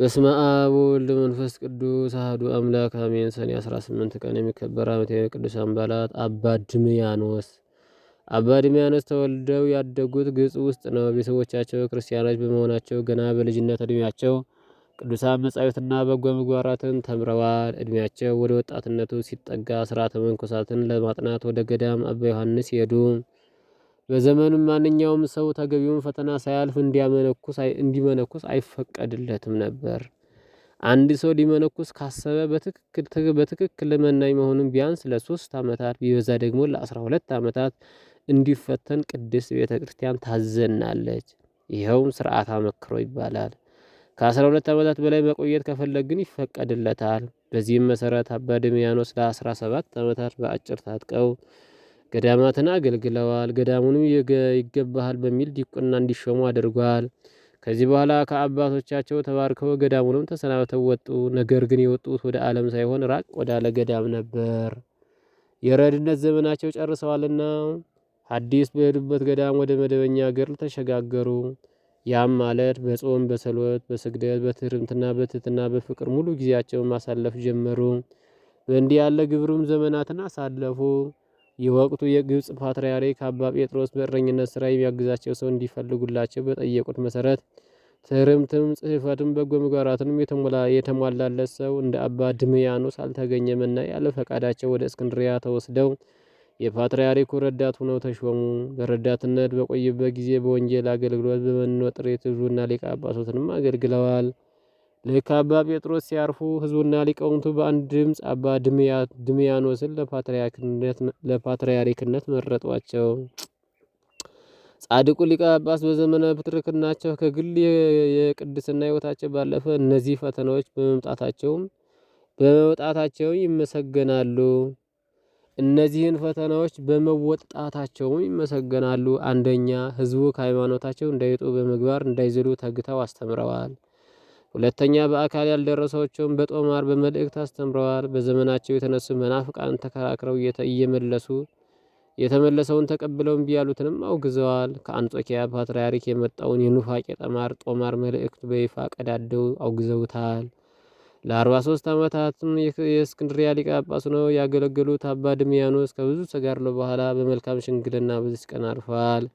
በስመ አብ ወወልድ መንፈስ ቅዱስ አህዱ አምላክ አሜን። ሰኔ 18 ቀን የሚከበር ዓመታዊ ቅዱስ አምባላት አባ ድምያኖስ። አባ ድምያኖስ ተወልደው ያደጉት ግጽ ውስጥ ነው። ቤተሰቦቻቸው ክርስቲያኖች በመሆናቸው ገና በልጅነት እድሜያቸው ቅዱሳን መጻሕፍትና በጎ ምግባራትን ተምረዋል። እድሜያቸው ወደ ወጣትነቱ ሲጠጋ ስርዓተ መንኮሳትን ለማጥናት ወደ ገዳም አባ ዮሐንስ ሄዱ። በዘመኑም ማንኛውም ሰው ተገቢውን ፈተና ሳያልፍ እንዲያመነኩስ እንዲመነኩስ አይፈቀድለትም ነበር። አንድ ሰው ሊመነኩስ ካሰበ በትክክል በትክክል መናኝ መሆኑን ቢያንስ ለሶስት ዓመታት ቢበዛ ደግሞ ለአስራ ሁለት ዓመታት እንዲፈተን ቅድስት ቤተ ክርስቲያን ታዘናለች። ይኸውም ስርዓተ አመክሮ ይባላል። ከአስራ ሁለት ዓመታት በላይ መቆየት ከፈለግ ግን ይፈቀድለታል። በዚህም መሰረት አባ ድሚያኖስ ለአስራ ሰባት ዓመታት በአጭር ታጥቀው ገዳማትን አገልግለዋል። ገዳሙንም ይገባሃል በሚል ዲቁና እንዲሾሙ አድርጓል። ከዚህ በኋላ ከአባቶቻቸው ተባርከው ገዳሙንም ተሰናብተው ወጡ። ነገር ግን የወጡት ወደ ዓለም ሳይሆን ራቅ ወዳለ ገዳም ነበር። የረድነት ዘመናቸው ጨርሰዋልና አዲስ በሄዱበት ገዳም ወደ መደበኛ አገር ተሸጋገሩ። ያም ማለት በጾም በሰሎት በስግደት በትርምትና በትህትና በፍቅር ሙሉ ጊዜያቸውን ማሳለፍ ጀመሩ። በእንዲህ ያለ ግብርም ዘመናትን አሳለፉ። የወቅቱ የግብፅ ፓትርያርክ አባ ጴጥሮስ በእረኝነት ስራ የሚያግዛቸው ሰው እንዲፈልጉላቸው በጠየቁት መሰረት ትርምትም፣ ጽህፈትም በጎ ምግባራትንም የተሟላለት ሰው እንደ አባ ድምያኖስ አልተገኘምና ያለ ፈቃዳቸው ወደ እስክንድሪያ ተወስደው የፓትርያርኩ ረዳት ሆነው ተሾሙ። በረዳትነት በቆዩበት ጊዜ በወንጌል አገልግሎት በመኖ ጥሬ ሊቃ አባቶትንም አገልግለዋል። አባ ጴጥሮስ ሲያርፉ ህዝቡና ሊቃውንቱ በአንድ ድምፅ አባ ድሚያኖስን ለፓትርያርክነት መረጧቸው። ጻድቁ ሊቀ ጳጳስ በዘመነ ፕትርክናቸው ከግል የቅድስና ህይወታቸው ባለፈ እነዚህ ፈተናዎች በመምጣታቸው በመውጣታቸው ይመሰገናሉ። እነዚህን ፈተናዎች በመወጣታቸውም ይመሰገናሉ። አንደኛ ህዝቡ ከሃይማኖታቸው እንዳይወጡ በምግባር እንዳይዝሉ ተግተው አስተምረዋል። ሁለተኛ በአካል ያልደረሰቸውን በጦማር በመልእክት አስተምረዋል። በዘመናቸው የተነሱ መናፍቃን ተከራክረው እየመለሱ የተመለሰውን ተቀብለው እምቢ ያሉትንም አውግዘዋል። ከአንጾኪያ ፓትርያርክ የመጣውን የኑፋቄ ጠማር ጦማር መልእክት በይፋ ቀዳደው አውግዘውታል። ለአርባ ሶስት ዓመታትም የእስክንድሪያ ሊቀ ጳጳስ ነው ያገለገሉት አባ ድሚያኖስ ከብዙ ተጋድሎ በኋላ በመልካም ሽንግልና ብዙ ቀን አርፈዋል።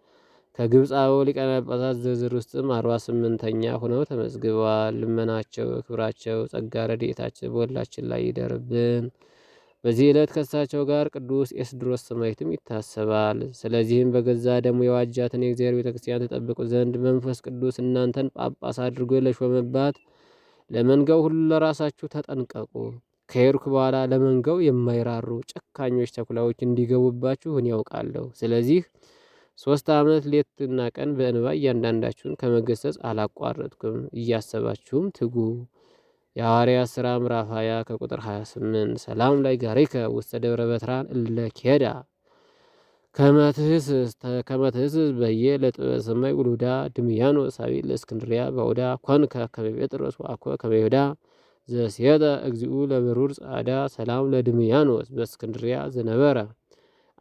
ከግብፃዊ ሊቃነ ጳጳሳት ዝርዝር ውስጥም አርባ ስምንተኛ ሆነው ተመዝግበዋል። ልመናቸው፣ ክብራቸው፣ ጸጋ ረድኤታቸው በሁላችን ላይ ይደርብን። በዚህ ዕለት ከእሳቸው ጋር ቅዱስ ኤስድሮስ ሰማዕትም ይታሰባል። ስለዚህም በገዛ ደሙ የዋጃትን የእግዚአብሔር ቤተ ክርስቲያን ተጠብቁ ዘንድ መንፈስ ቅዱስ እናንተን ጳጳስ አድርጎ ለሾመባት ለመንጋው ሁሉ ለራሳችሁ ተጠንቀቁ። ከሄድኩ በኋላ ለመንጋው የማይራሩ ጨካኞች ተኩላዎች እንዲገቡባችሁ እኔ ያውቃለሁ። ስለዚህ ሶስት ዓመት ሌትና ቀን በእንባ እያንዳንዳችሁን ከመገሰጽ አላቋረጥኩም፣ እያሰባችሁም ትጉ። የሐዋርያ ሥራ ምዕራፍ 20 ከቁጥር 28 ሰላም ላይ ጋሪከ ውስተ ደብረ በትራን እለ ከመትህስ በየ ለጥበ ሰማይ ውሉዳ ድምያኖ ሳቢ ለእስክንድሪያ በውዳ ኮንከ ከመጴጥሮስ ዋኮ ከመይሁዳ ዘሴጠ እግዚኡ ለበሩር ጻዳ ሰላም ለድምያኖስ በእስክንድሪያ ዘነበረ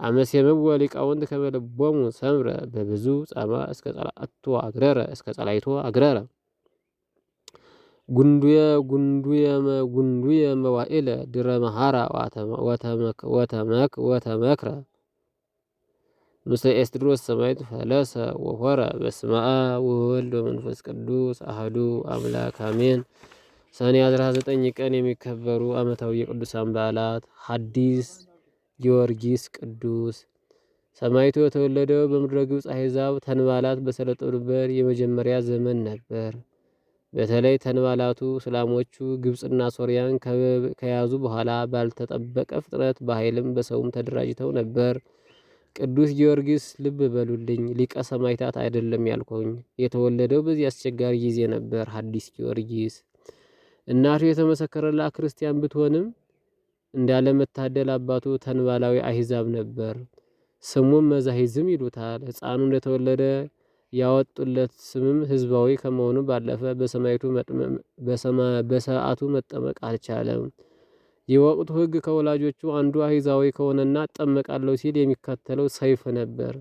አመሴምም ወሊቃውንት ከመልቦሙ ሰምረ በብዙ ጻማ እስከ ጸላአቶ አግረረ እስከ ጸላይቶ አግረረ ጉንዱየ ጉንዱየ ጉንዱየ መዋኢለ ድረ መሃራ ወተመክረ ምስለ ኤስድሮስ ሰማይት ፈለሰ ወሆረ በስመ አብ ወወልድ ወመንፈስ ቅዱስ አህዱ አምላክ አሜን። ሰኔ 19 ቀን የሚከበሩ ዓመታዊ የቅዱሳን በዓላት ሐዲስ ጊዮርጊስ ቅዱስ ሰማይቱ የተወለደው በምድረ ግብፅ አሕዛብ ተንባላት በሰለጠኑበት የመጀመሪያ ዘመን ነበር። በተለይ ተንባላቱ እስላሞቹ ግብፅና ሶሪያን ከያዙ በኋላ ባልተጠበቀ ፍጥነት በኃይልም በሰውም ተደራጅተው ነበር። ቅዱስ ጊዮርጊስ ልብ በሉልኝ፣ ሊቀ ሰማይታት አይደለም ያልኩኝ። የተወለደው በዚህ አስቸጋሪ ጊዜ ነበር። ሐዲስ ጊዮርጊስ እናቱ የተመሰከረላት ክርስቲያን ብትሆንም እንዳለመታደል አባቱ ተንባላዊ አሂዛብ ነበር። ስሙም መዛሂዝም ይሉታል። ሕፃኑ እንደተወለደ ያወጡለት ስምም ህዝባዊ ከመሆኑ ባለፈ በሰማይቱ በሰዓቱ መጠመቅ አልቻለም። የወቅቱ ህግ ከወላጆቹ አንዱ አሂዛዊ ከሆነና እጠመቃለሁ ሲል የሚከተለው ሰይፍ ነበር።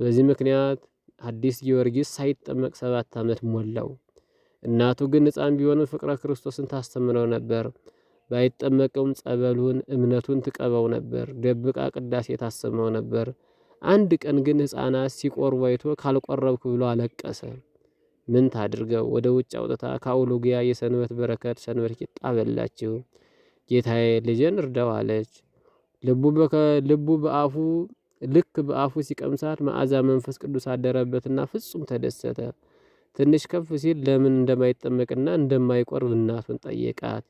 በዚህ ምክንያት አዲስ ጊዮርጊስ ሳይጠመቅ ሰባት ዓመት ሞላው። እናቱ ግን ሕፃን ቢሆንም ፍቅረ ክርስቶስን ታስተምረው ነበር። ባይጠመቅም ጸበሉን እምነቱን ትቀበው ነበር፣ ደብቃ ቅዳሴ ታሰመው ነበር። አንድ ቀን ግን ሕፃናት ሲቆርቡ አይቶ ካልቆረብኩ ብሎ አለቀሰ። ምን ታድርገው? ወደ ውጭ አውጥታ ከአውሎጊያ የሰንበት በረከት ሰንበት ቂጣ በላችው። ጌታዬ ልጄን እርዳው አለች። ልቡ በአፉ ልክ በአፉ ሲቀምሳት መዓዛ መንፈስ ቅዱስ አደረበትና ፍጹም ተደሰተ። ትንሽ ከፍ ሲል ለምን እንደማይጠመቅና እንደማይቆርብ እናቱን ጠየቃት።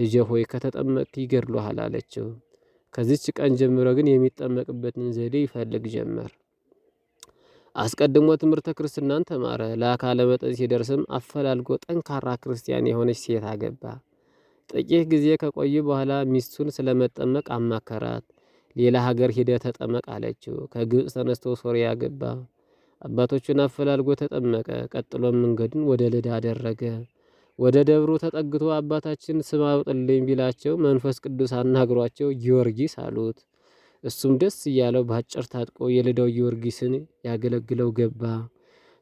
ልጄ ሆይ ከተጠመቅ ይገድሉሃል አለችው። ከዚች ቀን ጀምሮ ግን የሚጠመቅበትን ዘዴ ይፈልግ ጀመር። አስቀድሞ ትምህርተ ክርስትናን ተማረ። ለአካለ መጠን ሲደርስም አፈላልጎ ጠንካራ ክርስቲያን የሆነች ሴት አገባ። ጥቂት ጊዜ ከቆየ በኋላ ሚስቱን ስለመጠመቅ አማከራት። ሌላ ሀገር ሂደ ተጠመቅ አለችው። ከግብፅ ተነስቶ ሶሪያ ገባ። አባቶቹን አፈላልጎ ተጠመቀ። ቀጥሎም መንገዱን ወደ ልዳ አደረገ። ወደ ደብሩ ተጠግቶ አባታችን ስም አውጥልኝ ቢላቸው መንፈስ ቅዱስ አናግሯቸው ጊዮርጊስ አሉት። እሱም ደስ እያለው በአጭር ታጥቆ የልዳው ጊዮርጊስን ያገለግለው ገባ።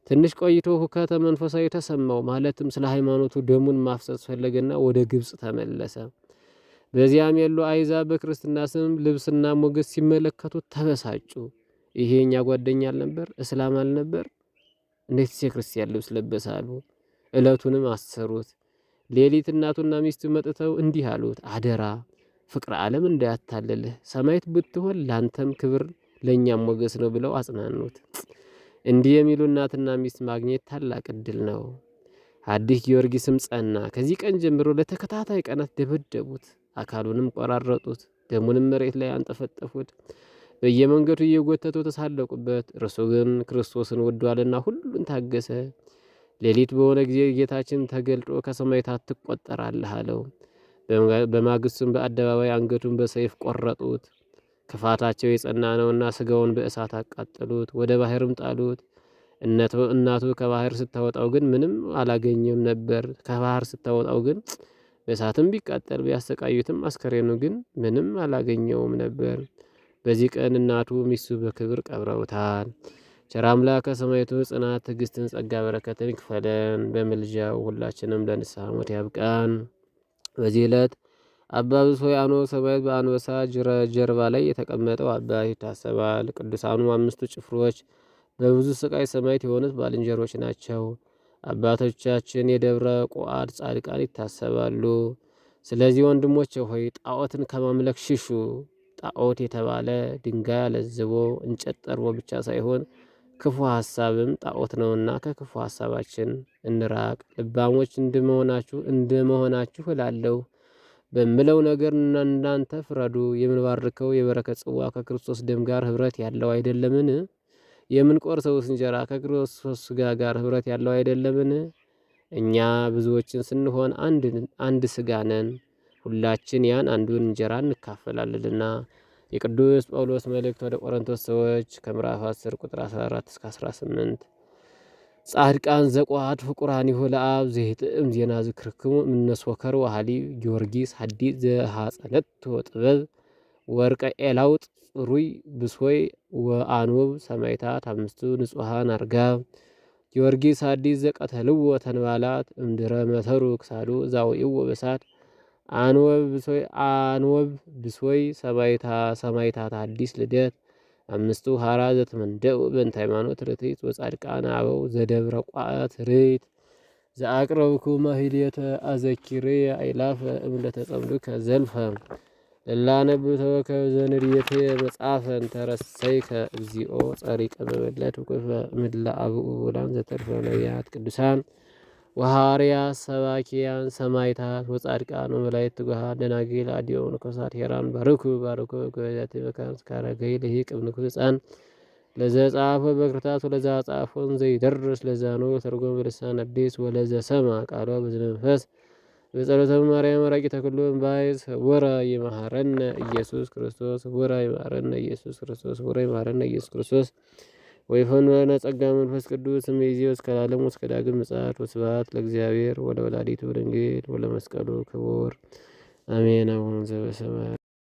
ትንሽ ቆይቶ ሁከተ መንፈሳዊ ተሰማው። ማለትም ስለ ሃይማኖቱ ደሙን ማፍሰስ ፈለገና ወደ ግብፅ ተመለሰ። በዚያም የሉ አይዛ በክርስትና ስም ልብስና ሞገስ ሲመለከቱት ተበሳጩ። ይሄ እኛ ጓደኛ አልነበር? እስላም አልነበር? እንዴትስ የክርስቲያን ልብስ ለበሳሉ? ዕለቱንም አሰሩት። ሌሊት እናቱና ሚስቱ መጥተው እንዲህ አሉት፣ አደራ ፍቅረ ዓለም እንዳያታልልህ፣ ሰማይት ብትሆን ላንተም ክብር ለእኛም ሞገስ ነው ብለው አጽናኑት። እንዲህ የሚሉ እናትና ሚስት ማግኘት ታላቅ እድል ነው። አዲስ ጊዮርጊስም ጸና። ከዚህ ቀን ጀምሮ ለተከታታይ ቀናት ደበደቡት፣ አካሉንም ቆራረጡት፣ ደሙንም መሬት ላይ አንጠፈጠፉት። በየመንገዱ እየጎተቱ ተሳለቁበት። እርሱ ግን ክርስቶስን ወዷልና ሁሉን ታገሰ። ሌሊት በሆነ ጊዜ ጌታችን ተገልጦ ከሰማዕታት ትቆጠራለህ አለው። በማግስቱም በአደባባይ አንገቱን በሰይፍ ቆረጡት። ክፋታቸው የጸና ነውና ስጋውን በእሳት አቃጠሉት፣ ወደ ባህርም ጣሉት። እናቱ ከባህር ስታወጣው ግን ምንም አላገኘም ነበር። ከባህር ስታወጣው ግን በእሳትም ቢቃጠል ቢያሰቃዩትም አስከሬኑ ግን ምንም አላገኘውም ነበር። በዚህ ቀን እናቱ ሚስቱ በክብር ቀብረውታል። ቸር አምላከ ሰማይቱ ጽናት፣ ትዕግስትን፣ ጸጋ፣ በረከትን ይክፈለን። በምልጃው ሁላችንም ለንስሐ ሞት ያብቃን። በዚህ ዕለት አባ ብሶያኖስ ሰማዕት በአንበሳ ጀርባ ላይ የተቀመጠው አባት ይታሰባል። ቅዱሳኑ አምስቱ ጭፍሮች በብዙ ስቃይ ሰማዕት የሆኑት ባልንጀሮች ናቸው። አባቶቻችን የደብረ ቁአድ ጻድቃን ይታሰባሉ። ስለዚህ ወንድሞች ሆይ ጣዖትን ከማምለክ ሽሹ። ጣዖት የተባለ ድንጋይ አለዝቦ እንጨት ጠርቦ ብቻ ሳይሆን ክፉ ሐሳብም ጣዖት ነውና ከክፉ ሐሳባችን እንራቅ። ልባሞች እንደመሆናችሁ እንደመሆናችሁ እላለሁ በምለው ነገር እናንተ ፍረዱ። የምንባርከው የበረከት ጽዋ ከክርስቶስ ደም ጋር ህብረት ያለው አይደለምን? የምንቆርሰውስ እንጀራ ከክርስቶስ ስጋ ጋር ህብረት ያለው አይደለምን? እኛ ብዙዎችን ስንሆን አንድ ስጋ ነን፣ ሁላችን ያን አንዱን እንጀራ እንካፈላለንና የቅዱስ ጳውሎስ መልእክት ወደ ቆሮንቶስ ሰዎች ከምዕራፍ 10 ቁጥር 14 እስከ 18 ጻድቃን ዘቋት ፍቁራን ይሁ ለአብ ዘይትእም ዜና ዝክርክሙ እምነስወከር ዋህሊ ጊዮርጊስ ሀዲ ዘሃጸነት ወጥበብ ወርቀ ኤላውጥ ጽሩይ ብሶይ ወአኑብ ሰማይታት አምስቱ ንጹሐን አርጋ ጊዮርጊስ ሀዲ ዘቀተልዎ ተንባላት እምድረ መተሩ ክሳዱ ዛውኢዎ በሳት አንወብ ብሶይ ሰማይታት አዲስ ልደት አምስቱ ሀራ ዘትመንደው በእንተ ሃይማኖት ርትዕት ወጻድቃን አበው ዘደብረ ቋት ርይት ዘአቅረብኩ ማሂልየተ አዘኪሬ አይላፈ እምለተጸምዱ ከዘልፈ ለላነብ ተወከብ ዘንድየቴ መጽሐፈ እንተረሰይከ እግዚኦ ጸሪቀ መበለት ኩፈ ምድላ አብኡ ውላን ዘተርፈ ነቢያት ቅዱሳን ወሐዋርያ ሰባኪያን ሰማይታት ወጻድቃን ወመላእክት ትጉሃን ደናግል አዲዮ መነኮሳት ሄራን ባርኩ ባርኩ በዚያቲ መካን እስካረገይ ልሂቅ እምንኩስ ሕፃን ለዘ ጻፎ በክርታቱ ለዛ ጻፎን ዘይደርስ ለዛ ነው ተርጎም በልሳን አዲስ ወለዘ ሰማ ቃሎ በዝነ መንፈስ በጸሎተ ማርያም ረቂተ ኩሉ እምባይ ወራ ይመሃረነ ኢየሱስ ክርስቶስ ወራ ይመሃረነ ኢየሱስ ክርስቶስ ወራ ይመሃረነ ኢየሱስ ክርስቶስ ወይፈኑና ጸጋ መንፈስ ቅዱስ እምይእዜሰ እስከ ዓለሙ እስከ ዳግም ምጽአት። ወስብሐት ለእግዚአብሔር ወለወላዲቱ ድንግል ወለመስቀሉ ክቡር አሜን። አቡነ ዘበሰማያት